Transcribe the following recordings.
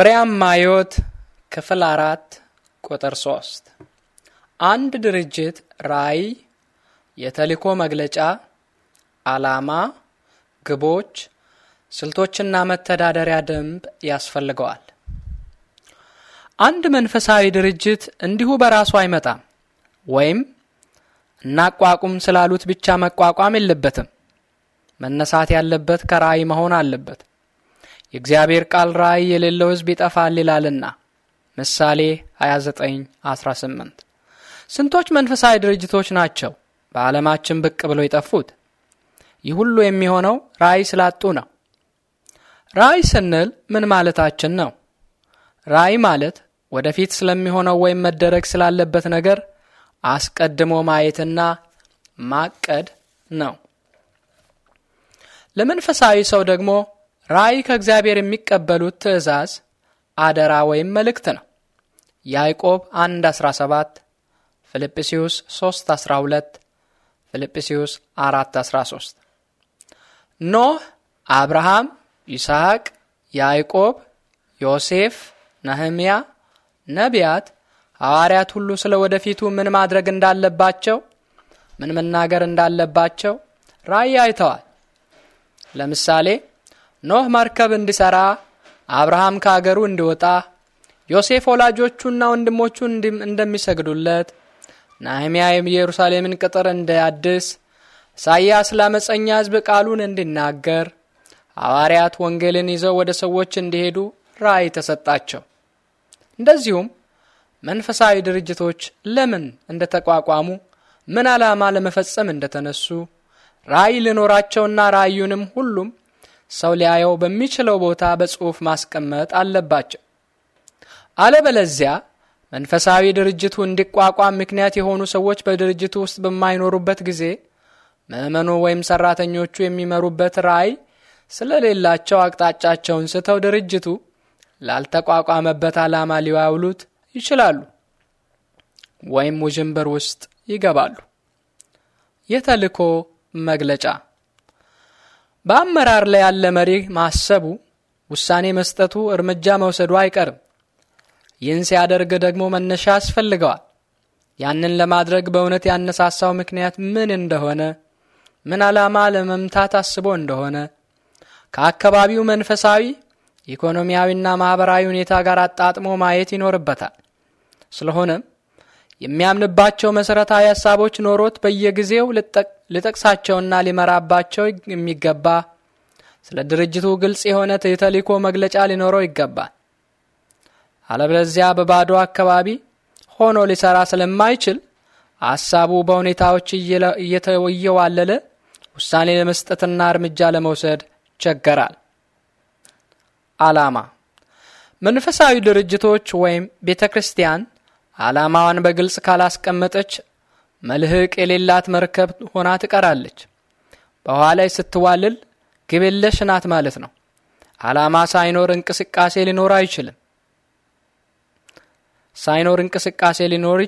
ፍሬያማ ሕይወት ክፍል አራት ቁጥር ሶስት አንድ ድርጅት ራዕይ፣ የተልእኮ መግለጫ፣ ዓላማ፣ ግቦች፣ ስልቶችና መተዳደሪያ ደንብ ያስፈልገዋል። አንድ መንፈሳዊ ድርጅት እንዲሁ በራሱ አይመጣም ወይም እናቋቁም ስላሉት ብቻ መቋቋም የለበትም። መነሳት ያለበት ከራዕይ መሆን አለበት። የእግዚአብሔር ቃል ራእይ የሌለው ሕዝብ ይጠፋል ይላልና ምሳሌ 2918 ስንቶች መንፈሳዊ ድርጅቶች ናቸው በዓለማችን ብቅ ብለው የጠፉት? ይህ ሁሉ የሚሆነው ራእይ ስላጡ ነው። ራእይ ስንል ምን ማለታችን ነው? ራእይ ማለት ወደፊት ስለሚሆነው ወይም መደረግ ስላለበት ነገር አስቀድሞ ማየትና ማቀድ ነው። ለመንፈሳዊ ሰው ደግሞ ራእይ ከእግዚአብሔር የሚቀበሉት ትእዛዝ፣ አደራ ወይም መልእክት ነው። ያዕቆብ 1 17 ፊልጵስዩስ 3 12 ፊልጵስዩስ 4 13 ኖህ፣ አብርሃም፣ ይስሐቅ፣ ያዕቆብ፣ ዮሴፍ፣ ነህምያ፣ ነቢያት፣ ሐዋርያት ሁሉ ስለ ወደፊቱ ምን ማድረግ እንዳለባቸው ምን መናገር እንዳለባቸው ራእይ አይተዋል። ለምሳሌ ኖህ መርከብ እንዲሠራ፣ አብርሃም ከአገሩ እንዲወጣ፣ ዮሴፍ ወላጆቹና ወንድሞቹ እንደሚሰግዱለት፣ ናህሚያ የኢየሩሳሌምን ቅጥር እንዲያድስ፣ ኢሳይያስ ለዓመፀኛ ሕዝብ ቃሉን እንዲናገር፣ ሐዋርያት ወንጌልን ይዘው ወደ ሰዎች እንዲሄዱ ራእይ ተሰጣቸው። እንደዚሁም መንፈሳዊ ድርጅቶች ለምን እንደተቋቋሙ፣ ምን ዓላማ ለመፈጸም እንደተነሱ ራእይ ልኖራቸውና ራእዩንም ሁሉም ሰው ሊያየው በሚችለው ቦታ በጽሑፍ ማስቀመጥ አለባቸው። አለበለዚያ መንፈሳዊ ድርጅቱ እንዲቋቋም ምክንያት የሆኑ ሰዎች በድርጅቱ ውስጥ በማይኖሩበት ጊዜ ምዕመኑ ወይም ሰራተኞቹ የሚመሩበት ራዕይ ስለሌላቸው አቅጣጫቸውን ስተው ድርጅቱ ላልተቋቋመበት ዓላማ ሊያውሉት ይችላሉ ወይም ውዥንብር ውስጥ ይገባሉ። የተልእኮ መግለጫ በአመራር ላይ ያለ መሪ ማሰቡ፣ ውሳኔ መስጠቱ፣ እርምጃ መውሰዱ አይቀርም። ይህን ሲያደርግ ደግሞ መነሻ ያስፈልገዋል። ያንን ለማድረግ በእውነት ያነሳሳው ምክንያት ምን እንደሆነ፣ ምን ዓላማ ለመምታት አስቦ እንደሆነ ከአካባቢው መንፈሳዊ ኢኮኖሚያዊና ማኅበራዊ ሁኔታ ጋር አጣጥሞ ማየት ይኖርበታል። ስለሆነም የሚያምንባቸው መሠረታዊ ሐሳቦች ኖሮት በየጊዜው ሊጠቅሳቸውና ሊመራባቸው የሚገባ ስለ ድርጅቱ ግልጽ የሆነ የተልእኮ መግለጫ ሊኖረው ይገባል። አለበለዚያ በባዶ አካባቢ ሆኖ ሊሰራ ስለማይችል ሀሳቡ በሁኔታዎች እየተወየዋለለ ውሳኔ ለመስጠትና እርምጃ ለመውሰድ ይቸገራል። ዓላማ መንፈሳዊ ድርጅቶች ወይም ቤተ ክርስቲያን ዓላማዋን በግልጽ ካላስቀመጠች መልህቅ የሌላት መርከብ ሆና ትቀራለች። በውሃ ላይ ስትዋልል ግብ የለሽ ናት ማለት ነው። ዓላማ ሳይኖር እንቅስቃሴ ሊኖር አይችልም። ሳይኖር እንቅስቃሴ ሊኖር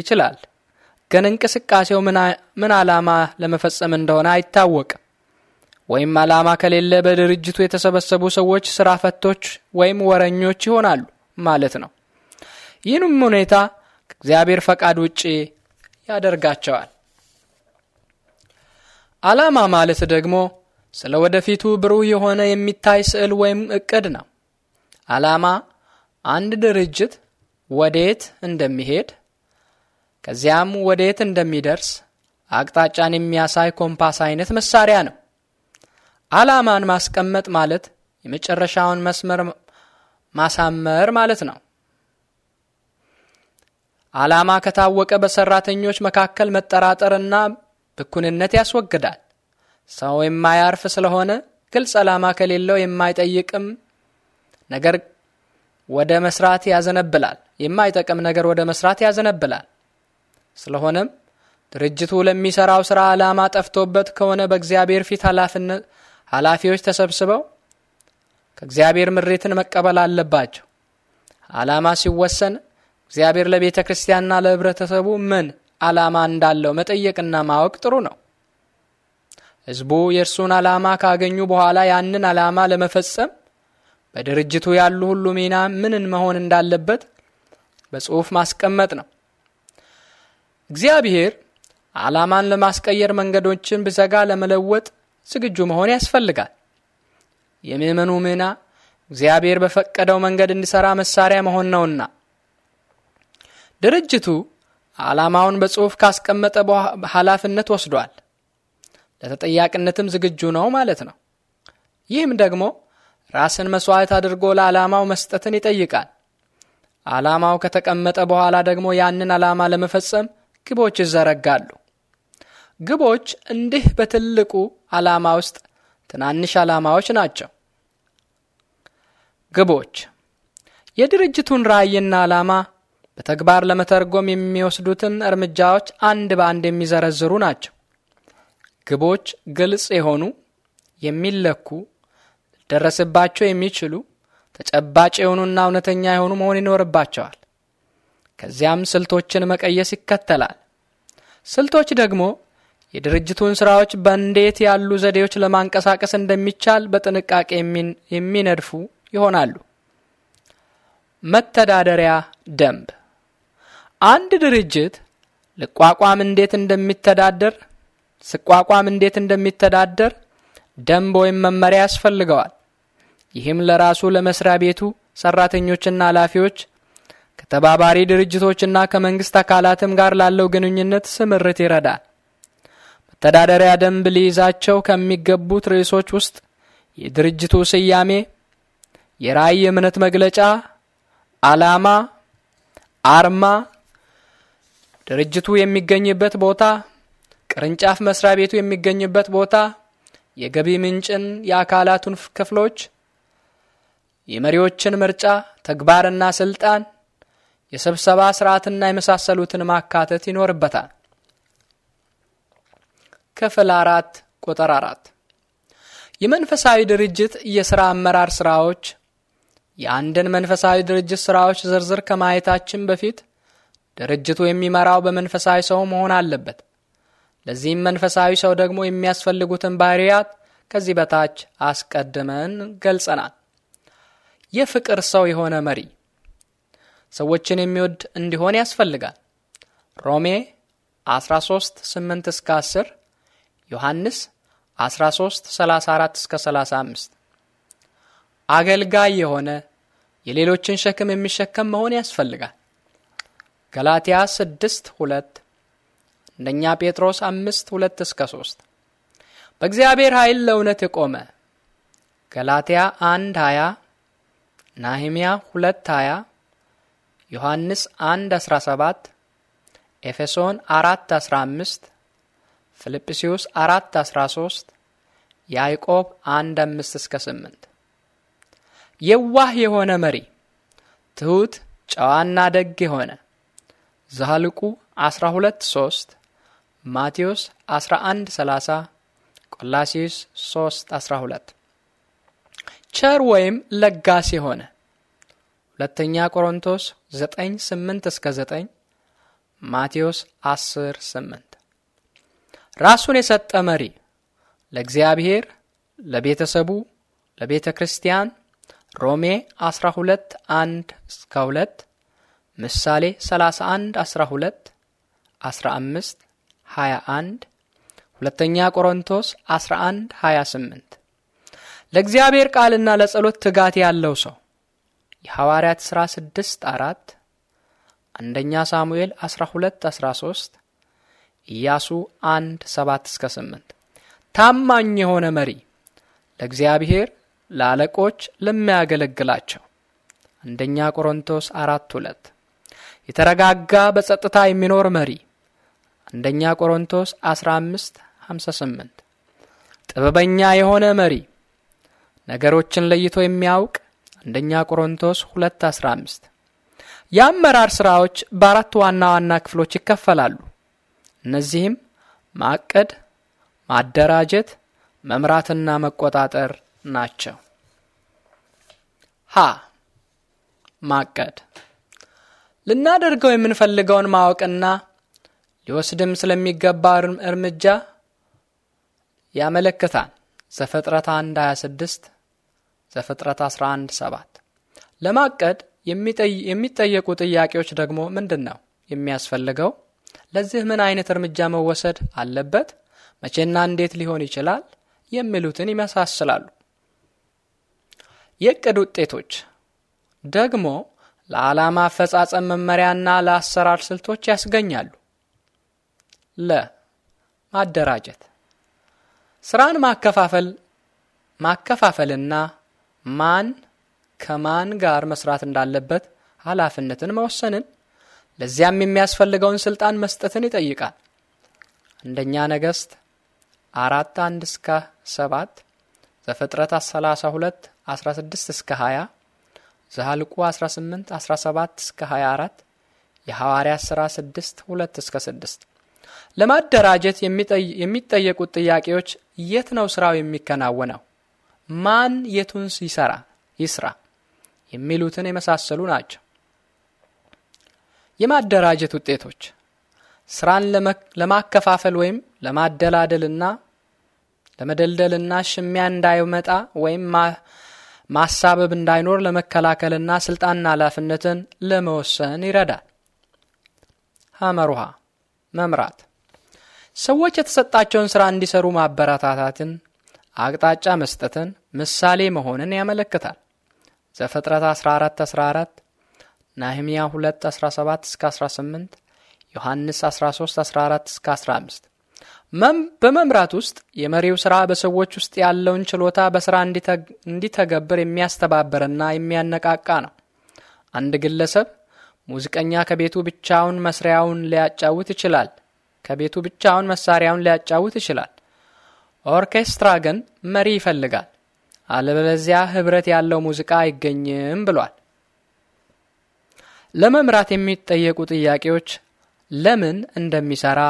ይችላል፣ ግን እንቅስቃሴው ምን ዓላማ ለመፈጸም እንደሆነ አይታወቅም። ወይም ዓላማ ከሌለ በድርጅቱ የተሰበሰቡ ሰዎች ስራ ፈቶች ወይም ወረኞች ይሆናሉ ማለት ነው። ይህንም ሁኔታ ከእግዚአብሔር ፈቃድ ውጪ ያደርጋቸዋል። ዓላማ ማለት ደግሞ ስለ ወደፊቱ ብሩህ የሆነ የሚታይ ስዕል ወይም እቅድ ነው። ዓላማ አንድ ድርጅት ወዴት እንደሚሄድ ከዚያም ወዴት እንደሚደርስ አቅጣጫን የሚያሳይ ኮምፓስ አይነት መሳሪያ ነው። ዓላማን ማስቀመጥ ማለት የመጨረሻውን መስመር ማሳመር ማለት ነው። ዓላማ ከታወቀ በሰራተኞች መካከል መጠራጠርና ብኩንነት ያስወግዳል። ሰው የማያርፍ ስለሆነ ግልጽ ዓላማ ከሌለው የማይጠይቅም ነገር ወደ መስራት ያዘነብላል የማይጠቅም ነገር ወደ መስራት ያዘነብላል። ስለሆነም ድርጅቱ ለሚሰራው ስራ ዓላማ ጠፍቶበት ከሆነ በእግዚአብሔር ፊት ኃላፊነት ኃላፊዎች ተሰብስበው ከእግዚአብሔር ምሬትን መቀበል አለባቸው። ዓላማ ሲወሰን እግዚአብሔር ለቤተ ክርስቲያንና ለህብረተሰቡ ምን ዓላማ እንዳለው መጠየቅና ማወቅ ጥሩ ነው። ህዝቡ የእርሱን ዓላማ ካገኙ በኋላ ያንን ዓላማ ለመፈጸም በድርጅቱ ያሉ ሁሉ ሚና ምንን መሆን እንዳለበት በጽሑፍ ማስቀመጥ ነው። እግዚአብሔር ዓላማን ለማስቀየር መንገዶችን ብዘጋ ለመለወጥ ዝግጁ መሆን ያስፈልጋል። የምእመኑ ሚና እግዚአብሔር በፈቀደው መንገድ እንዲሠራ መሳሪያ መሆን ነውና ድርጅቱ ዓላማውን በጽሑፍ ካስቀመጠ ኃላፊነት ወስዷል፣ ለተጠያቂነትም ዝግጁ ነው ማለት ነው። ይህም ደግሞ ራስን መስዋዕት አድርጎ ለዓላማው መስጠትን ይጠይቃል። ዓላማው ከተቀመጠ በኋላ ደግሞ ያንን ዓላማ ለመፈጸም ግቦች ይዘረጋሉ። ግቦች እንዲህ በትልቁ ዓላማ ውስጥ ትናንሽ ዓላማዎች ናቸው። ግቦች የድርጅቱን ራዕይና ዓላማ በተግባር ለመተርጎም የሚወስዱትን እርምጃዎች አንድ በአንድ የሚዘረዝሩ ናቸው። ግቦች ግልጽ የሆኑ የሚለኩ፣ ሊደረስባቸው የሚችሉ ተጨባጭ የሆኑና እውነተኛ የሆኑ መሆን ይኖርባቸዋል። ከዚያም ስልቶችን መቀየስ ይከተላል። ስልቶች ደግሞ የድርጅቱን ስራዎች በእንዴት ያሉ ዘዴዎች ለማንቀሳቀስ እንደሚቻል በጥንቃቄ የሚነድፉ ይሆናሉ። መተዳደሪያ ደንብ አንድ ድርጅት ልቋቋም እንዴት እንደሚተዳደር ስቋቋም እንዴት እንደሚተዳደር ደንብ ወይም መመሪያ ያስፈልገዋል። ይህም ለራሱ ለመስሪያ ቤቱ ሰራተኞችና ኃላፊዎች ከተባባሪ ድርጅቶችና ከመንግስት አካላትም ጋር ላለው ግንኙነት ስምርት ይረዳል። መተዳደሪያ ደንብ ሊይዛቸው ከሚገቡት ርዕሶች ውስጥ የድርጅቱ ስያሜ፣ የራዕይ እምነት መግለጫ፣ ዓላማ፣ አርማ ድርጅቱ የሚገኝበት ቦታ፣ ቅርንጫፍ መስሪያ ቤቱ የሚገኝበት ቦታ፣ የገቢ ምንጭን፣ የአካላቱን ክፍሎች፣ የመሪዎችን ምርጫ ተግባርና ስልጣን፣ የስብሰባ ስርዓትና የመሳሰሉትን ማካተት ይኖርበታል። ክፍል አራት ቁጥር አራት የመንፈሳዊ ድርጅት የሥራ አመራር ሥራዎች የአንድን መንፈሳዊ ድርጅት ሥራዎች ዝርዝር ከማየታችን በፊት ድርጅቱ የሚመራው በመንፈሳዊ ሰው መሆን አለበት። ለዚህም መንፈሳዊ ሰው ደግሞ የሚያስፈልጉትን ባህርያት ከዚህ በታች አስቀድመን ገልጸናል። የፍቅር ሰው የሆነ መሪ ሰዎችን የሚወድ እንዲሆን ያስፈልጋል። ሮሜ 13 8 እስከ 10 ዮሐንስ 13 34 እስከ 35 አገልጋይ የሆነ የሌሎችን ሸክም የሚሸከም መሆን ያስፈልጋል። ገላትያ 6 2 አንደኛ ጴጥሮስ 5 2 እስከ 3 በእግዚአብሔር ኃይል ለእውነት የቆመ ገላትያ 1 20 ናህምያ 2 20 ዮሐንስ 1 17 ኤፌሶን 4 15 ፊልጵስዩስ 4 13 ያዕቆብ 1 5 እስከ 8 የዋህ የሆነ መሪ ትሑት ጨዋና ደግ የሆነ ዘሐልቁ 12 3 ማቴዎስ 11 30 ቆላሲዩስ 3 12 ቸር ወይም ለጋስ የሆነ ሁለተኛ ቆሮንቶስ 9 8 እስከ 9 ማቴዎስ 10 8 ራሱን የሰጠ መሪ ለእግዚአብሔር ለቤተሰቡ ለቤተ ክርስቲያን ሮሜ 12 1 እስከ 2 ምሳሌ 31 12 15 21 ሁለተኛ ቆሮንቶስ 11 28 ለእግዚአብሔር ቃልና ለጸሎት ትጋት ያለው ሰው የሐዋርያት ሥራ 6 4 አንደኛ ሳሙኤል 12 13 ኢያሱ 1 7 እስከ 8 ታማኝ የሆነ መሪ ለእግዚአብሔር ለአለቆች ለሚያገለግላቸው አንደኛ ቆሮንቶስ 4 2 የተረጋጋ በጸጥታ የሚኖር መሪ አንደኛ ቆሮንቶስ 15 58 ጥበበኛ የሆነ መሪ ነገሮችን ለይቶ የሚያውቅ አንደኛ ቆሮንቶስ 2 15 የአመራር ስራዎች በአራት ዋና ዋና ክፍሎች ይከፈላሉ። እነዚህም ማቀድ፣ ማደራጀት፣ መምራትና መቆጣጠር ናቸው። ሀ ማቀድ ልናደርገው የምንፈልገውን ማወቅና ሊወስድም ስለሚገባ እርምጃ ያመለክታል። ዘፍጥረት 1 26 ዘፍጥረት 11 7 ለማቀድ የሚጠየቁ ጥያቄዎች ደግሞ ምንድን ነው የሚያስፈልገው? ለዚህ ምን አይነት እርምጃ መወሰድ አለበት? መቼና እንዴት ሊሆን ይችላል? የሚሉትን ይመሳስላሉ። የእቅድ ውጤቶች ደግሞ ለዓላማ አፈጻጸም መመሪያና ለአሰራር ስልቶች ያስገኛሉ። ለ ማደራጀት ስራን ማከፋፈል ማከፋፈልና ማን ከማን ጋር መስራት እንዳለበት ኃላፊነትን መወሰንን ለዚያም የሚያስፈልገውን ስልጣን መስጠትን ይጠይቃል። አንደኛ ነገሥት አራት አንድ እስከ ሰባት ዘፍጥረት ሰላሳ ሁለት አስራ ስድስት እስከ ሀያ ዘሐልቁ 18 17 እስከ 24 የሐዋርያ ሥራ 6 2 እስከ 6 ለማደራጀት የሚጠየቁት ጥያቄዎች የት ነው ሥራው የሚከናወነው? ማን የቱን ሲሰራ ይስራ የሚሉትን የመሳሰሉ ናቸው። የማደራጀት ውጤቶች ስራን ለማከፋፈል ወይም ለማደላደልና ለመደልደልና ሽሚያ እንዳይመጣ ወይም ማሳበብ እንዳይኖር ለመከላከልና ስልጣንና ኃላፊነትን ለመወሰን ይረዳል። ሀመሩሃ መምራት ሰዎች የተሰጣቸውን ስራ እንዲሰሩ ማበረታታትን፣ አቅጣጫ መስጠትን፣ ምሳሌ መሆንን ያመለክታል። ዘፍጥረት 14 14 ናህምያ 2 17 እስከ 18 ዮሐንስ 13 14 እስከ 15 በመምራት ውስጥ የመሪው ሥራ በሰዎች ውስጥ ያለውን ችሎታ በሥራ እንዲተገብር የሚያስተባብርና የሚያነቃቃ ነው። አንድ ግለሰብ ሙዚቀኛ ከቤቱ ብቻውን መስሪያውን ሊያጫውት ይችላል። ከቤቱ ብቻውን መሳሪያውን ሊያጫውት ይችላል። ኦርኬስትራ ግን መሪ ይፈልጋል። አለበለዚያ ህብረት ያለው ሙዚቃ አይገኝም ብሏል። ለመምራት የሚጠየቁ ጥያቄዎች ለምን እንደሚሰራ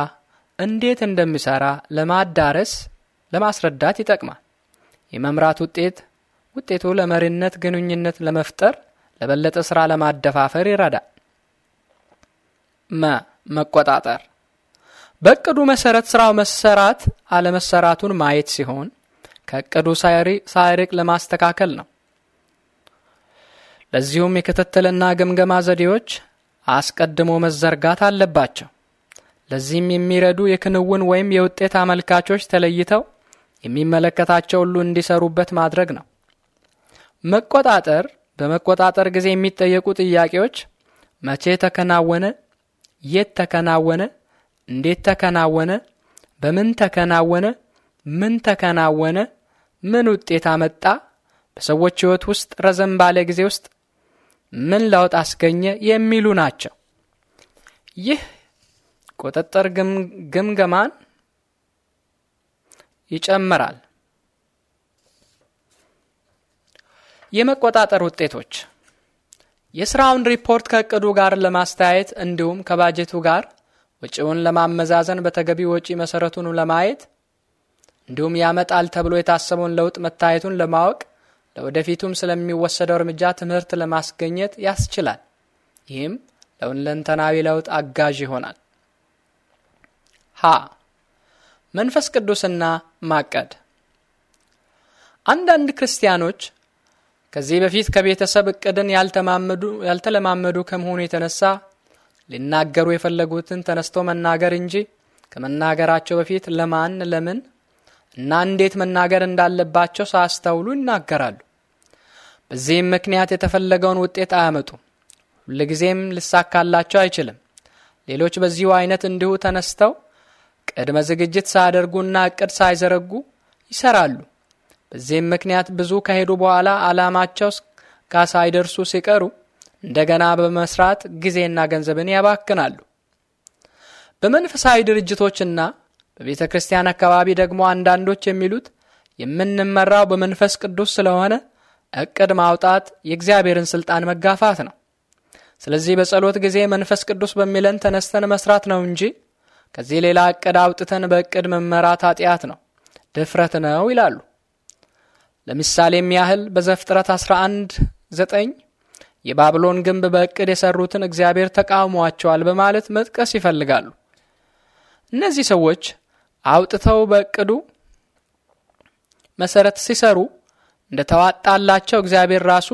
እንዴት እንደሚሰራ ለማዳረስ ለማስረዳት ይጠቅማል። የመምራት ውጤት ውጤቱ ለመሪነት ግንኙነት ለመፍጠር ለበለጠ ስራ ለማደፋፈር ይረዳል። መ መቆጣጠር በእቅዱ መሰረት ስራው መሰራት አለመሰራቱን ማየት ሲሆን ከእቅዱ ሳይርቅ ለማስተካከል ነው። ለዚሁም የክትትልና ግምገማ ዘዴዎች አስቀድሞ መዘርጋት አለባቸው። ለዚህም የሚረዱ የክንውን ወይም የውጤት አመልካቾች ተለይተው የሚመለከታቸው ሁሉ እንዲሰሩበት ማድረግ ነው። መቆጣጠር በመቆጣጠር ጊዜ የሚጠየቁ ጥያቄዎች መቼ ተከናወነ፣ የት ተከናወነ፣ እንዴት ተከናወነ፣ በምን ተከናወነ፣ ምን ተከናወነ፣ ምን ውጤት አመጣ፣ በሰዎች ሕይወት ውስጥ ረዘም ባለ ጊዜ ውስጥ ምን ለውጥ አስገኘ የሚሉ ናቸው። ይህ ቁጥጥር ግምገማን ይጨምራል። የመቆጣጠር ውጤቶች የስራውን ሪፖርት ከእቅዱ ጋር ለማስተያየት እንዲሁም ከባጀቱ ጋር ወጪውን ለማመዛዘን በተገቢ ወጪ መሰረቱን ለማየት እንዲሁም ያመጣል ተብሎ የታሰበውን ለውጥ መታየቱን ለማወቅ ለወደፊቱም ስለሚወሰደው እርምጃ ትምህርት ለማስገኘት ያስችላል። ይህም ለሁለንተናዊ ለውጥ አጋዥ ይሆናል። ሀ መንፈስ ቅዱስና ማቀድ አንዳንድ ክርስቲያኖች ከዚህ በፊት ከቤተሰብ እቅድን ያልተለማመዱ ከመሆኑ የተነሳ ሊናገሩ የፈለጉትን ተነስቶ መናገር እንጂ ከመናገራቸው በፊት ለማን፣ ለምን እና እንዴት መናገር እንዳለባቸው ሳያስተውሉ ይናገራሉ። በዚህም ምክንያት የተፈለገውን ውጤት አያመጡም። ሁልጊዜም ልሳካላቸው አይችልም። ሌሎች በዚሁ አይነት እንዲሁ ተነስተው ቅድመ ዝግጅት ሳያደርጉና እቅድ ሳይዘረጉ ይሰራሉ። በዚህም ምክንያት ብዙ ከሄዱ በኋላ ዓላማቸው ጋር ሳይደርሱ ሲቀሩ እንደገና በመስራት ጊዜና ገንዘብን ያባክናሉ። በመንፈሳዊ ድርጅቶችና በቤተ ክርስቲያን አካባቢ ደግሞ አንዳንዶች የሚሉት የምንመራው በመንፈስ ቅዱስ ስለሆነ እቅድ ማውጣት የእግዚአብሔርን ስልጣን መጋፋት ነው። ስለዚህ በጸሎት ጊዜ መንፈስ ቅዱስ በሚለን ተነስተን መስራት ነው እንጂ ከዚህ ሌላ እቅድ አውጥተን በእቅድ መመራት ኃጢአት ነው፣ ድፍረት ነው ይላሉ። ለምሳሌም ያህል በዘፍጥረት 11 9 የባብሎን ግንብ በእቅድ የሰሩትን እግዚአብሔር ተቃውሟቸዋል በማለት መጥቀስ ይፈልጋሉ። እነዚህ ሰዎች አውጥተው በእቅዱ መሰረት ሲሰሩ እንደ ተዋጣላቸው እግዚአብሔር ራሱ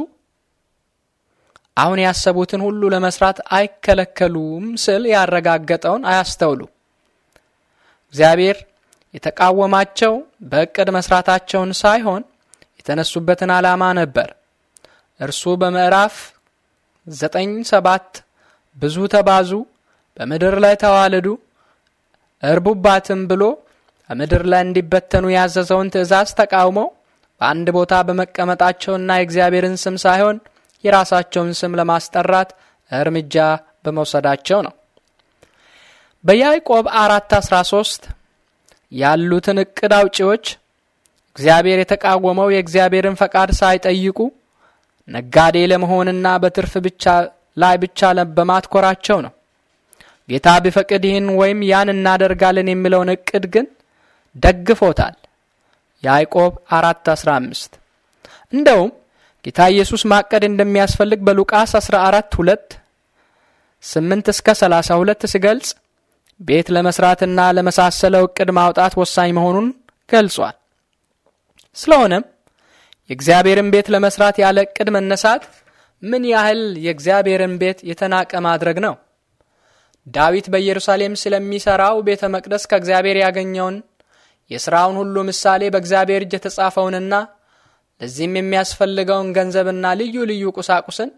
አሁን ያሰቡትን ሁሉ ለመስራት አይከለከሉም ስል ያረጋገጠውን አያስተውሉ። እግዚአብሔር የተቃወማቸው በእቅድ መስራታቸውን ሳይሆን የተነሱበትን ዓላማ ነበር። እርሱ በምዕራፍ ዘጠኝ ሰባት ብዙ ተባዙ፣ በምድር ላይ ተዋልዱ፣ እርቡባትም ብሎ በምድር ላይ እንዲበተኑ ያዘዘውን ትእዛዝ ተቃውመው በአንድ ቦታ በመቀመጣቸውና የእግዚአብሔርን ስም ሳይሆን የራሳቸውን ስም ለማስጠራት እርምጃ በመውሰዳቸው ነው። በያዕቆብ አራት አስራ ሶስት ያሉትን እቅድ አውጪዎች እግዚአብሔር የተቃወመው የእግዚአብሔርን ፈቃድ ሳይጠይቁ ነጋዴ ለመሆንና በትርፍ ብቻ ላይ ብቻ በማትኮራቸው ነው። ጌታ ቢፈቅድ ይህን ወይም ያን እናደርጋለን የሚለውን እቅድ ግን ደግፎታል። ያዕቆብ አራት አስራ አምስት እንደውም ጌታ ኢየሱስ ማቀድ እንደሚያስፈልግ በሉቃስ 14 2 8 እስከ 32 ሲገልጽ ቤት ለመስራትና ለመሳሰለው እቅድ ማውጣት ወሳኝ መሆኑን ገልጿል። ስለሆነም የእግዚአብሔርን ቤት ለመስራት ያለ እቅድ መነሳት ምን ያህል የእግዚአብሔርን ቤት የተናቀ ማድረግ ነው። ዳዊት በኢየሩሳሌም ስለሚሠራው ቤተ መቅደስ ከእግዚአብሔር ያገኘውን የሥራውን ሁሉ ምሳሌ በእግዚአብሔር እጅ የተጻፈውንና ለዚህም የሚያስፈልገውን ገንዘብና ልዩ ልዩ ቁሳቁስን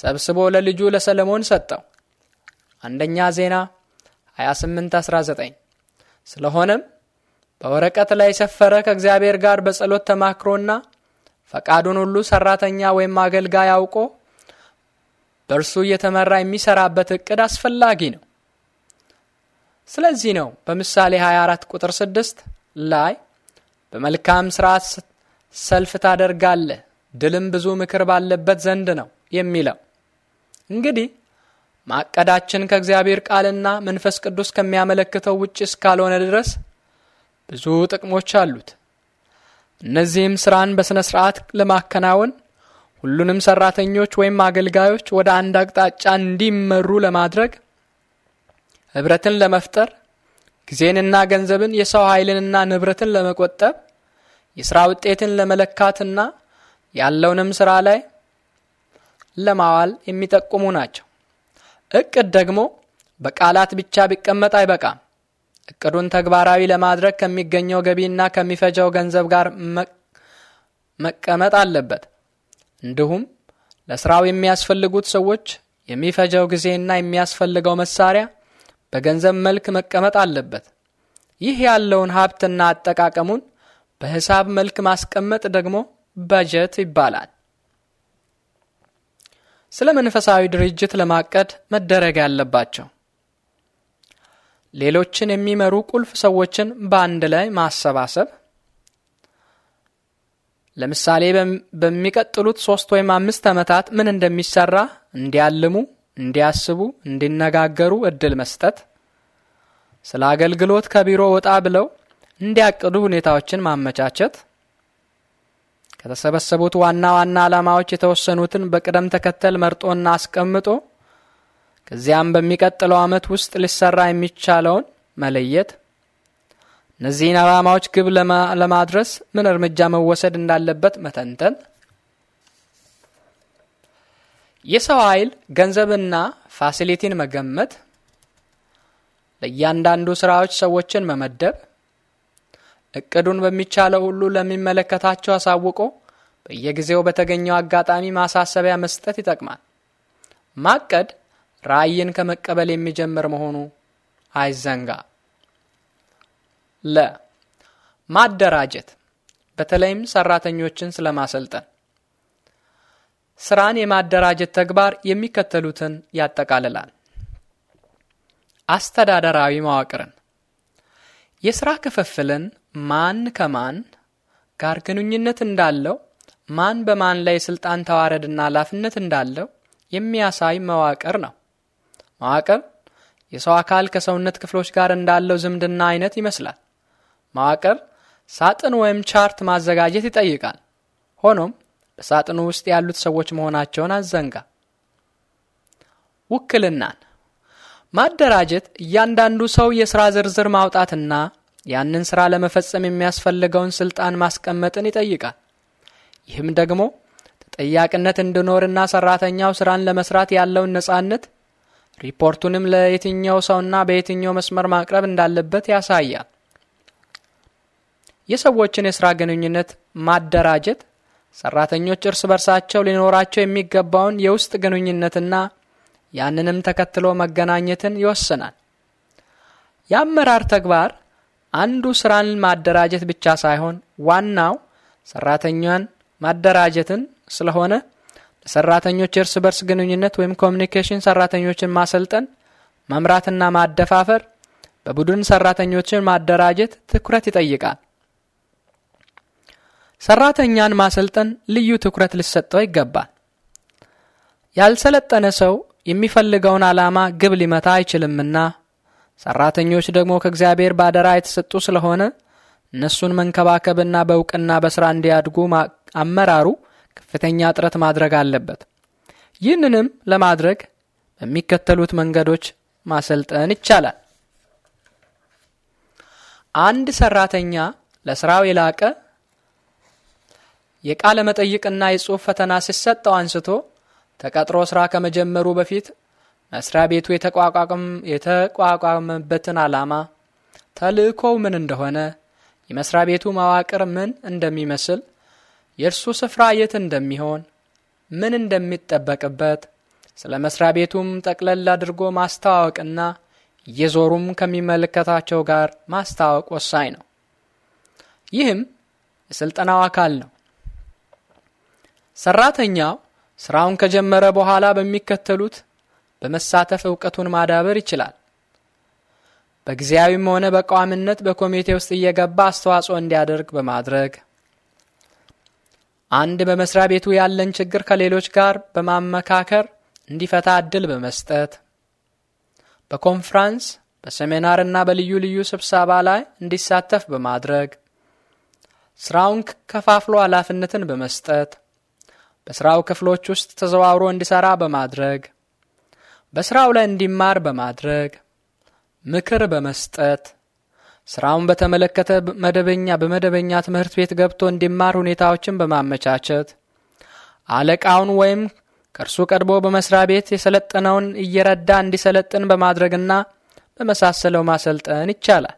ሰብስቦ ለልጁ ለሰለሞን ሰጠው። አንደኛ ዜና 28 19 ስለሆነም በወረቀት ላይ የሰፈረ ከእግዚአብሔር ጋር በጸሎት ተማክሮና ፈቃዱን ሁሉ ሰራተኛ ወይም አገልጋይ አውቆ በእርሱ እየተመራ የሚሰራበት እቅድ አስፈላጊ ነው። ስለዚህ ነው በምሳሌ 24 ቁጥር 6 ላይ በመልካም ስርዓት ሰልፍ ታደርጋለህ፣ ድልም ብዙ ምክር ባለበት ዘንድ ነው የሚለው እንግዲህ ማቀዳችን ከእግዚአብሔር ቃልና መንፈስ ቅዱስ ከሚያመለክተው ውጭ እስካልሆነ ድረስ ብዙ ጥቅሞች አሉት። እነዚህም ስራን በሥነ ሥርዓት ለማከናወን ሁሉንም ሰራተኞች ወይም አገልጋዮች ወደ አንድ አቅጣጫ እንዲመሩ ለማድረግ፣ ኅብረትን ለመፍጠር፣ ጊዜንና ገንዘብን የሰው ኃይልንና ንብረትን ለመቆጠብ፣ የሥራ ውጤትን ለመለካትና ያለውንም ሥራ ላይ ለማዋል የሚጠቁሙ ናቸው። እቅድ ደግሞ በቃላት ብቻ ቢቀመጥ አይበቃም። እቅዱን ተግባራዊ ለማድረግ ከሚገኘው ገቢና ከሚፈጀው ገንዘብ ጋር መቀመጥ አለበት። እንዲሁም ለስራው የሚያስፈልጉት ሰዎች፣ የሚፈጀው ጊዜና የሚያስፈልገው መሳሪያ በገንዘብ መልክ መቀመጥ አለበት። ይህ ያለውን ሀብትና አጠቃቀሙን በሂሳብ መልክ ማስቀመጥ ደግሞ በጀት ይባላል። ስለ መንፈሳዊ ድርጅት ለማቀድ መደረግ ያለባቸው ሌሎችን የሚመሩ ቁልፍ ሰዎችን በአንድ ላይ ማሰባሰብ ለምሳሌ በሚቀጥሉት ሶስት ወይም አምስት ዓመታት ምን እንደሚሰራ እንዲያልሙ፣ እንዲያስቡ፣ እንዲነጋገሩ እድል መስጠት ስለ አገልግሎት ከቢሮ ወጣ ብለው እንዲያቅዱ ሁኔታዎችን ማመቻቸት ከተሰበሰቡት ዋና ዋና ዓላማዎች የተወሰኑትን በቅደም ተከተል መርጦና አስቀምጦ ከዚያም በሚቀጥለው ዓመት ውስጥ ሊሰራ የሚቻለውን መለየት እነዚህን ዓላማዎች ግብ ለማድረስ ምን እርምጃ መወሰድ እንዳለበት መተንተን። የሰው ኃይል፣ ገንዘብና ፋሲሊቲን መገመት። ለእያንዳንዱ ስራዎች ሰዎችን መመደብ እቅዱን በሚቻለው ሁሉ ለሚመለከታቸው አሳውቆ በየጊዜው በተገኘው አጋጣሚ ማሳሰቢያ መስጠት ይጠቅማል። ማቀድ ራዕይን ከመቀበል የሚጀምር መሆኑ አይዘንጋ። ለ ማደራጀት በተለይም ሰራተኞችን ስለማሰልጠን ስራን የማደራጀት ተግባር የሚከተሉትን ያጠቃልላል። አስተዳደራዊ መዋቅርን፣ የስራ ክፍፍልን ማን ከማን ጋር ግንኙነት እንዳለው ማን በማን ላይ የስልጣን ተዋረድና ኃላፊነት እንዳለው የሚያሳይ መዋቅር ነው። መዋቅር የሰው አካል ከሰውነት ክፍሎች ጋር እንዳለው ዝምድና አይነት ይመስላል። መዋቅር ሳጥን ወይም ቻርት ማዘጋጀት ይጠይቃል። ሆኖም በሳጥኑ ውስጥ ያሉት ሰዎች መሆናቸውን አዘንጋ። ውክልናን ማደራጀት እያንዳንዱ ሰው የሥራ ዝርዝር ማውጣትና ያንን ስራ ለመፈጸም የሚያስፈልገውን ስልጣን ማስቀመጥን ይጠይቃል። ይህም ደግሞ ተጠያቂነት እንዲኖርና ሠራተኛው ስራን ለመስራት ያለውን ነጻነት፣ ሪፖርቱንም ለየትኛው ሰውና በየትኛው መስመር ማቅረብ እንዳለበት ያሳያል። የሰዎችን የስራ ግንኙነት ማደራጀት ሰራተኞች እርስ በርሳቸው ሊኖራቸው የሚገባውን የውስጥ ግንኙነትና ያንንም ተከትሎ መገናኘትን ይወስናል። የአመራር ተግባር አንዱ ስራን ማደራጀት ብቻ ሳይሆን ዋናው ሰራተኛን ማደራጀትን ስለሆነ ለሰራተኞች እርስ በርስ ግንኙነት ወይም ኮሚኒኬሽን ሰራተኞችን ማሰልጠን፣ መምራትና ማደፋፈር፣ በቡድን ሰራተኞችን ማደራጀት ትኩረት ይጠይቃል። ሰራተኛን ማሰልጠን ልዩ ትኩረት ሊሰጠው ይገባል። ያልሰለጠነ ሰው የሚፈልገውን ዓላማ ግብ ሊመታ አይችልምና ሰራተኞች ደግሞ ከእግዚአብሔር ባደራ የተሰጡ ስለሆነ እነሱን መንከባከብና በእውቅና በሥራ እንዲያድጉ አመራሩ ከፍተኛ ጥረት ማድረግ አለበት። ይህንንም ለማድረግ በሚከተሉት መንገዶች ማሰልጠን ይቻላል። አንድ ሰራተኛ ለስራው የላቀ የቃለ መጠይቅና የጽሑፍ ፈተና ሲሰጠው አንስቶ ተቀጥሮ ስራ ከመጀመሩ በፊት መስሪያ ቤቱ የተቋቋመበትን ዓላማ፣ ተልእኮው ምን እንደሆነ፣ የመስሪያ ቤቱ መዋቅር ምን እንደሚመስል፣ የእርሱ ስፍራ የት እንደሚሆን፣ ምን እንደሚጠበቅበት፣ ስለ መስሪያ ቤቱም ጠቅለል አድርጎ ማስተዋወቅና እየዞሩም ከሚመለከታቸው ጋር ማስተዋወቅ ወሳኝ ነው። ይህም የስልጠናው አካል ነው። ሰራተኛው ስራውን ከጀመረ በኋላ በሚከተሉት በመሳተፍ እውቀቱን ማዳበር ይችላል። በጊዜያዊም ሆነ በቋሚነት በኮሚቴ ውስጥ እየገባ አስተዋጽኦ እንዲያደርግ በማድረግ አንድ በመስሪያ ቤቱ ያለን ችግር ከሌሎች ጋር በማመካከር እንዲፈታ እድል በመስጠት በኮንፍራንስ በሴሚናርና በልዩ ልዩ ስብሰባ ላይ እንዲሳተፍ በማድረግ ስራውን ከፋፍሎ ኃላፊነትን በመስጠት በስራው ክፍሎች ውስጥ ተዘዋውሮ እንዲሰራ በማድረግ በሥራው ላይ እንዲማር በማድረግ ምክር በመስጠት ስራውን በተመለከተ መደበኛ በመደበኛ ትምህርት ቤት ገብቶ እንዲማር ሁኔታዎችን በማመቻቸት አለቃውን ወይም ከእርሱ ቀድቦ በመስሪያ ቤት የሰለጠነውን እየረዳ እንዲሰለጥን በማድረግና በመሳሰለው ማሰልጠን ይቻላል።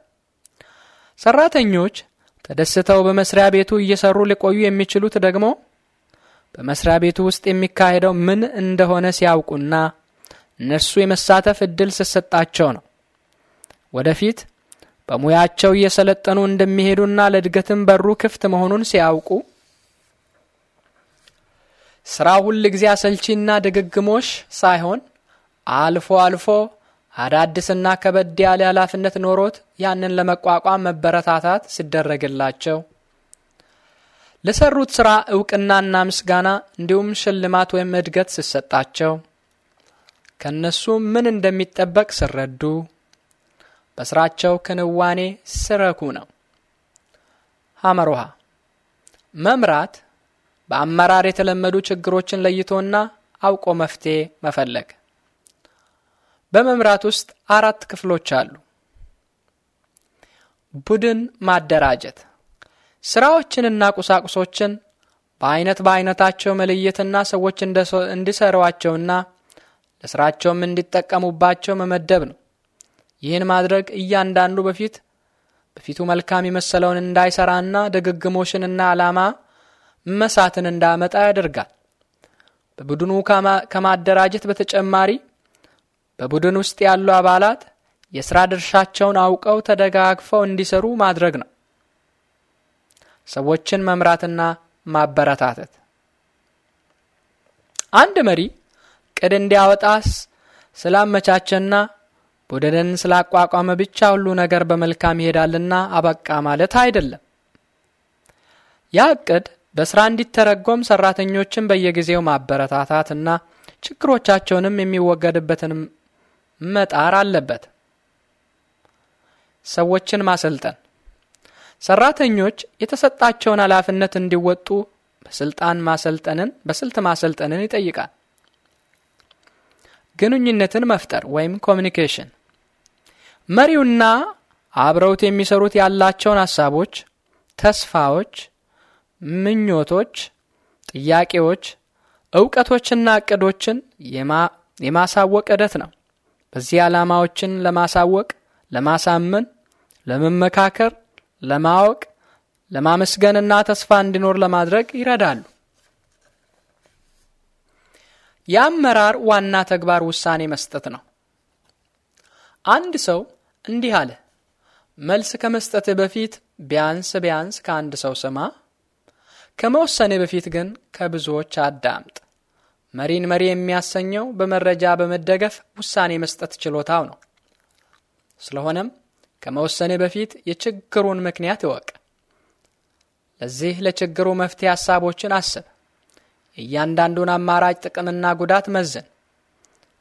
ሰራተኞች ተደስተው በመስሪያ ቤቱ እየሰሩ ሊቆዩ የሚችሉት ደግሞ በመስሪያ ቤቱ ውስጥ የሚካሄደው ምን እንደሆነ ሲያውቁና እነርሱ የመሳተፍ እድል ስሰጣቸው ነው። ወደፊት በሙያቸው እየሰለጠኑ እንደሚሄዱና ለእድገትም በሩ ክፍት መሆኑን ሲያውቁ ስራ ሁል ጊዜ አሰልቺና ድግግሞሽ ሳይሆን አልፎ አልፎ አዳዲስና ከበድ ያለ ኃላፊነት ኖሮት ያንን ለመቋቋም መበረታታት ሲደረግላቸው ለሰሩት ስራ እውቅናና ምስጋና እንዲሁም ሽልማት ወይም እድገት ሲሰጣቸው ከእነሱ ምን እንደሚጠበቅ ሲረዱ በስራቸው ክንዋኔ ስረኩ ነው። ሐመሮሃ መምራት በአመራር የተለመዱ ችግሮችን ለይቶና አውቆ መፍትሄ መፈለግ። በመምራት ውስጥ አራት ክፍሎች አሉ። ቡድን ማደራጀት፣ ስራዎችንና ቁሳቁሶችን በአይነት በአይነታቸው መለየትና ሰዎች እንዲሰሯቸውና ለስራቸውም እንዲጠቀሙባቸው መመደብ ነው። ይህን ማድረግ እያንዳንዱ በፊት በፊቱ መልካም የመሰለውን እንዳይሰራና ድግግሞሽንና ዓላማ መሳትን እንዳመጣ ያደርጋል። በቡድኑ ከማደራጀት በተጨማሪ በቡድን ውስጥ ያሉ አባላት የሥራ ድርሻቸውን አውቀው ተደጋግፈው እንዲሰሩ ማድረግ ነው። ሰዎችን መምራትና ማበረታተት አንድ መሪ እቅድ እንዲያወጣስ ስላመቻቸና ቡድንን ስላቋቋመ ብቻ ሁሉ ነገር በመልካም ይሄዳልና አበቃ ማለት አይደለም። ያ እቅድ በስራ እንዲተረጎም ሰራተኞችን በየጊዜው ማበረታታትና ችግሮቻቸውንም የሚወገድበትን መጣር አለበት። ሰዎችን ማሰልጠን ሰራተኞች የተሰጣቸውን ኃላፊነት እንዲወጡ በስልጣን ማሰልጠንን በስልት ማሰልጠንን ይጠይቃል። ግንኙነትን መፍጠር ወይም ኮሚኒኬሽን መሪውና አብረውት የሚሰሩት ያላቸውን ሀሳቦች፣ ተስፋዎች፣ ምኞቶች፣ ጥያቄዎች፣ እውቀቶችና እቅዶችን የማሳወቅ ሂደት ነው። በዚህ ዓላማዎችን ለማሳወቅ፣ ለማሳመን፣ ለመመካከር፣ ለማወቅ፣ ለማመስገንና ተስፋ እንዲኖር ለማድረግ ይረዳሉ። የአመራር ዋና ተግባር ውሳኔ መስጠት ነው። አንድ ሰው እንዲህ አለ፣ መልስ ከመስጠትህ በፊት ቢያንስ ቢያንስ ከአንድ ሰው ስማ፣ ከመወሰኔ በፊት ግን ከብዙዎች አዳምጥ። መሪን መሪ የሚያሰኘው በመረጃ በመደገፍ ውሳኔ መስጠት ችሎታው ነው። ስለሆነም ከመወሰኔ በፊት የችግሩን ምክንያት ይወቅ። ለዚህ ለችግሩ መፍትሄ ሀሳቦችን አስብ። እያንዳንዱን አማራጭ ጥቅምና ጉዳት መዝን፣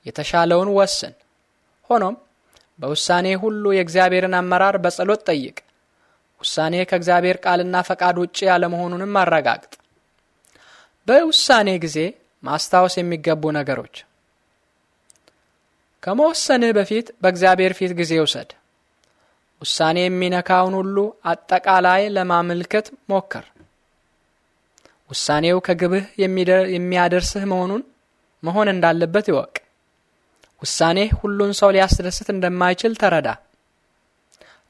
የተሻለውን ወስን። ሆኖም በውሳኔ ሁሉ የእግዚአብሔርን አመራር በጸሎት ጠይቅ። ውሳኔ ከእግዚአብሔር ቃልና ፈቃድ ውጪ ያለመሆኑንም አረጋግጥ። በውሳኔ ጊዜ ማስታወስ የሚገቡ ነገሮች ከመወሰንህ በፊት በእግዚአብሔር ፊት ጊዜ ውሰድ። ውሳኔ የሚነካውን ሁሉ አጠቃላይ ለማመልከት ሞክር። ውሳኔው ከግብህ የሚያደርስህ መሆኑን መሆን እንዳለበት ይወቅ። ውሳኔ ሁሉን ሰው ሊያስደስት እንደማይችል ተረዳ።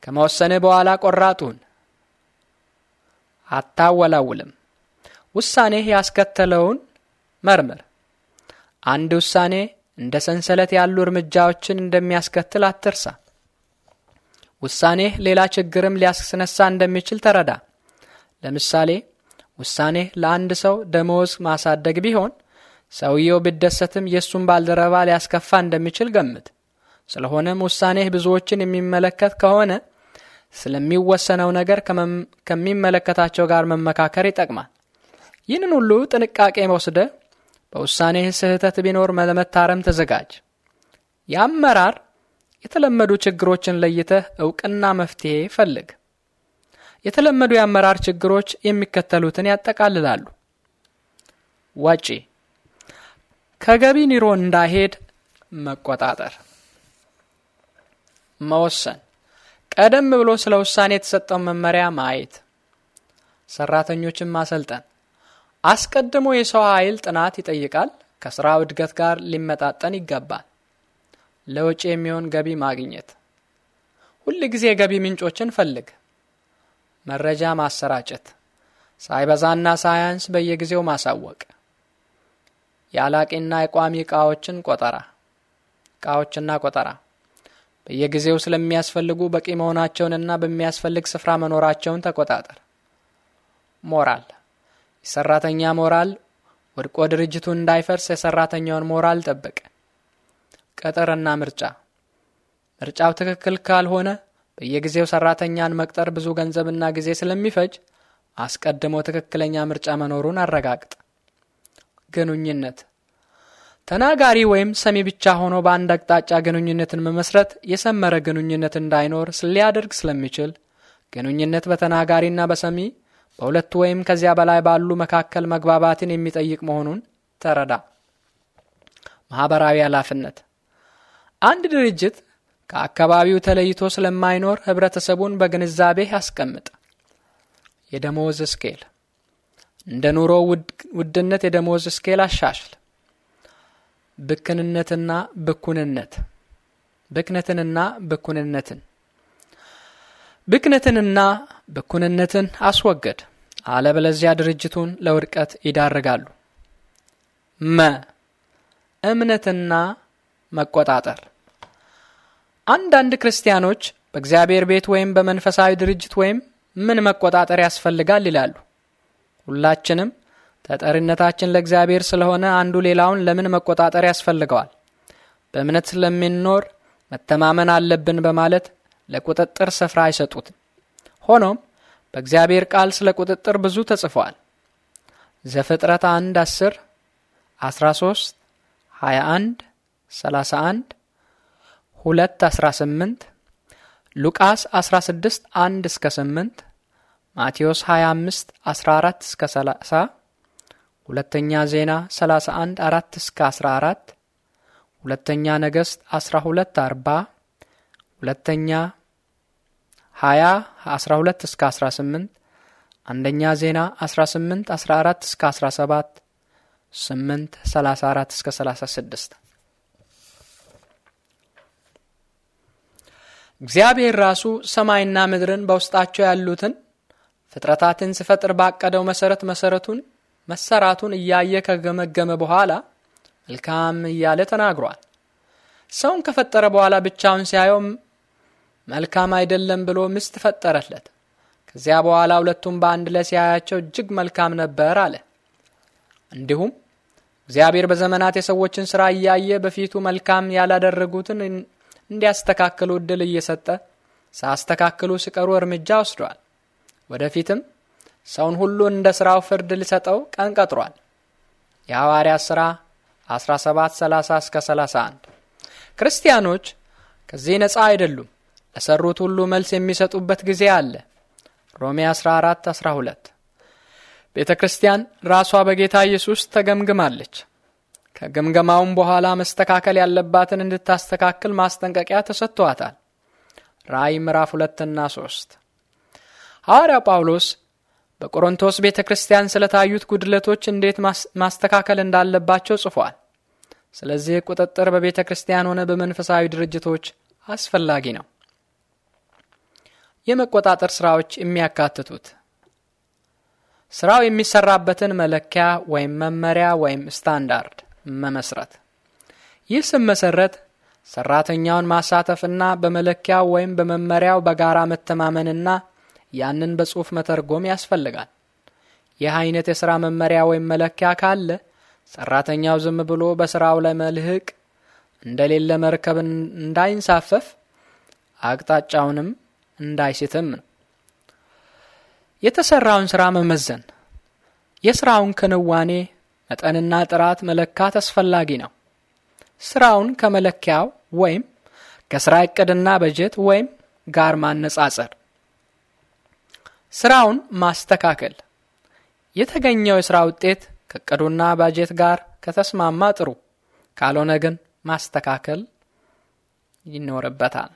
ከመወሰንህ በኋላ ቆራጡን አታወላውልም። ውሳኔህ ያስከተለውን መርምር። አንድ ውሳኔ እንደ ሰንሰለት ያሉ እርምጃዎችን እንደሚያስከትል አትርሳ። ውሳኔህ ሌላ ችግርም ሊያስነሳ እንደሚችል ተረዳ። ለምሳሌ ውሳኔ ለአንድ ሰው ደመወዝ ማሳደግ ቢሆን ሰውየው ቢደሰትም የእሱን ባልደረባ ሊያስከፋ እንደሚችል ገምት። ስለሆነም ውሳኔህ ብዙዎችን የሚመለከት ከሆነ ስለሚወሰነው ነገር ከሚመለከታቸው ጋር መመካከር ይጠቅማል። ይህንን ሁሉ ጥንቃቄ መውስደ በውሳኔህ ስህተት ቢኖር ለመታረም ተዘጋጅ። የአመራር የተለመዱ ችግሮችን ለይተህ እውቅና መፍትሄ ፈልግ። የተለመዱ የአመራር ችግሮች የሚከተሉትን ያጠቃልላሉ። ወጪ ከገቢ ኒሮ እንዳይሄድ መቆጣጠር፣ መወሰን፣ ቀደም ብሎ ስለ ውሳኔ የተሰጠውን መመሪያ ማየት፣ ሰራተኞችን ማሰልጠን አስቀድሞ የሰው ኃይል ጥናት ይጠይቃል። ከስራ እድገት ጋር ሊመጣጠን ይገባል። ለውጪ የሚሆን ገቢ ማግኘት፣ ሁል ጊዜ የገቢ ምንጮችን ፈልግ። መረጃ ማሰራጨት፣ ሳይበዛና ሳያንስ በየጊዜው ማሳወቅ፣ የአላቂና የቋሚ እቃዎችን ቆጠራ እቃዎችና ቆጠራ በየጊዜው ስለሚያስፈልጉ በቂ መሆናቸውንና በሚያስፈልግ ስፍራ መኖራቸውን ተቆጣጠር። ሞራል የሰራተኛ ሞራል ወድቆ ድርጅቱ እንዳይፈርስ የሰራተኛውን ሞራል ጠብቅ። ቅጥርና ምርጫ ምርጫው ትክክል ካልሆነ በየጊዜው ሰራተኛን መቅጠር ብዙ ገንዘብና ጊዜ ስለሚፈጅ አስቀድሞ ትክክለኛ ምርጫ መኖሩን አረጋግጥ። ግንኙነት ተናጋሪ ወይም ሰሚ ብቻ ሆኖ በአንድ አቅጣጫ ግንኙነትን መመስረት የሰመረ ግንኙነት እንዳይኖር ሊያደርግ ስለሚችል ግንኙነት በተናጋሪና በሰሚ በሁለቱ ወይም ከዚያ በላይ ባሉ መካከል መግባባትን የሚጠይቅ መሆኑን ተረዳ። ማህበራዊ ኃላፊነት አንድ ድርጅት ከአካባቢው ተለይቶ ስለማይኖር ህብረተሰቡን በግንዛቤ ያስቀምጥ። የደሞዝ ስኬል እንደ ኑሮ ውድነት የደሞዝ ስኬል አሻሽል። ብክንነትና ብኩንነት ብክነትንና ብኩንነትን ብክነትንና ብኩንነትን አስወገድ። አለበለዚያ ድርጅቱን ለውድቀት ይዳርጋሉ። መ እምነትና መቆጣጠር አንዳንድ ክርስቲያኖች በእግዚአብሔር ቤት ወይም በመንፈሳዊ ድርጅት ወይም ምን መቆጣጠር ያስፈልጋል ይላሉ። ሁላችንም ተጠሪነታችን ለእግዚአብሔር ስለሆነ አንዱ ሌላውን ለምን መቆጣጠር ያስፈልገዋል? በእምነት ስለሚኖር መተማመን አለብን በማለት ለቁጥጥር ስፍራ አይሰጡትም። ሆኖም በእግዚአብሔር ቃል ስለ ቁጥጥር ብዙ ተጽፏል። ዘፍጥረት 1 10 13 21 31 ሁለት አስራ ስምንት ሉቃስ አስራ ስድስት አንድ እስከ ስምንት ማቴዎስ ሀያ አምስት አስራ አራት እስከ ሰላሳ ሁለተኛ ዜና ሰላሳ አንድ አራት እስከ አስራ አራት ሁለተኛ ነገሥት አስራ ሁለት አርባ ሁለተኛ ሀያ አስራ ሁለት እስከ አስራ ስምንት አንደኛ ዜና 18 14 እስከ 17 8 34 እስከ 36 እግዚአብሔር ራሱ ሰማይና ምድርን በውስጣቸው ያሉትን ፍጥረታትን ሲፈጥር ባቀደው መሰረት መሰረቱን መሰራቱን እያየ ከገመገመ በኋላ መልካም እያለ ተናግሯል። ሰውን ከፈጠረ በኋላ ብቻውን ሲያየው መልካም አይደለም ብሎ ሚስት ፈጠረለት። ከዚያ በኋላ ሁለቱም በአንድ ላይ ሲያያቸው እጅግ መልካም ነበር አለ። እንዲሁም እግዚአብሔር በዘመናት የሰዎችን ሥራ እያየ በፊቱ መልካም ያላደረጉትን እንዲያስተካክሉ እድል እየሰጠ ሳስተካክሉ ሲቀሩ እርምጃ ወስዷል። ወደፊትም ሰውን ሁሉ እንደ ሥራው ፍርድ ሊሰጠው ቀን ቀጥሯል። የሐዋርያት ሥራ 17 30 እስከ 31 ክርስቲያኖች ከዚህ ነፃ አይደሉም። ለሠሩት ሁሉ መልስ የሚሰጡበት ጊዜ አለ። ሮሜ 14 12 ቤተ ክርስቲያን ራሷ በጌታ ኢየሱስ ተገምግማለች። ከግምገማውም በኋላ መስተካከል ያለባትን እንድታስተካክል ማስጠንቀቂያ ተሰጥቷታል። ራእይ ምዕራፍ ሁለትና ሶስት ሐዋርያው ጳውሎስ በቆሮንቶስ ቤተ ክርስቲያን ስለታዩት ጉድለቶች እንዴት ማስተካከል እንዳለባቸው ጽፏል። ስለዚህ ቁጥጥር በቤተ ክርስቲያን ሆነ በመንፈሳዊ ድርጅቶች አስፈላጊ ነው። የመቆጣጠር ስራዎች የሚያካትቱት ስራው የሚሰራበትን መለኪያ ወይም መመሪያ ወይም ስታንዳርድ መመስረት ይህ ስመሰረት ሰራተኛውን ማሳተፍና በመለኪያው ወይም በመመሪያው በጋራ መተማመንና ያንን በጽሑፍ መተርጎም ያስፈልጋል። ይህ አይነት የሥራ መመሪያ ወይም መለኪያ ካለ ሰራተኛው ዝም ብሎ በሥራው ላይ መልህቅ እንደሌለ መርከብ እንዳይንሳፈፍ አቅጣጫውንም እንዳይስትም ነው። የተሰራውን ሥራ መመዘን የሥራውን ክንዋኔ መጠንና ጥራት መለካት አስፈላጊ ነው። ስራውን ከመለኪያው ወይም ከስራ እቅድና በጀት ወይም ጋር ማነጻጸር፣ ስራውን ማስተካከል። የተገኘው የስራ ውጤት ከእቅዱና በጀት ጋር ከተስማማ ጥሩ፣ ካልሆነ ግን ማስተካከል ይኖርበታል።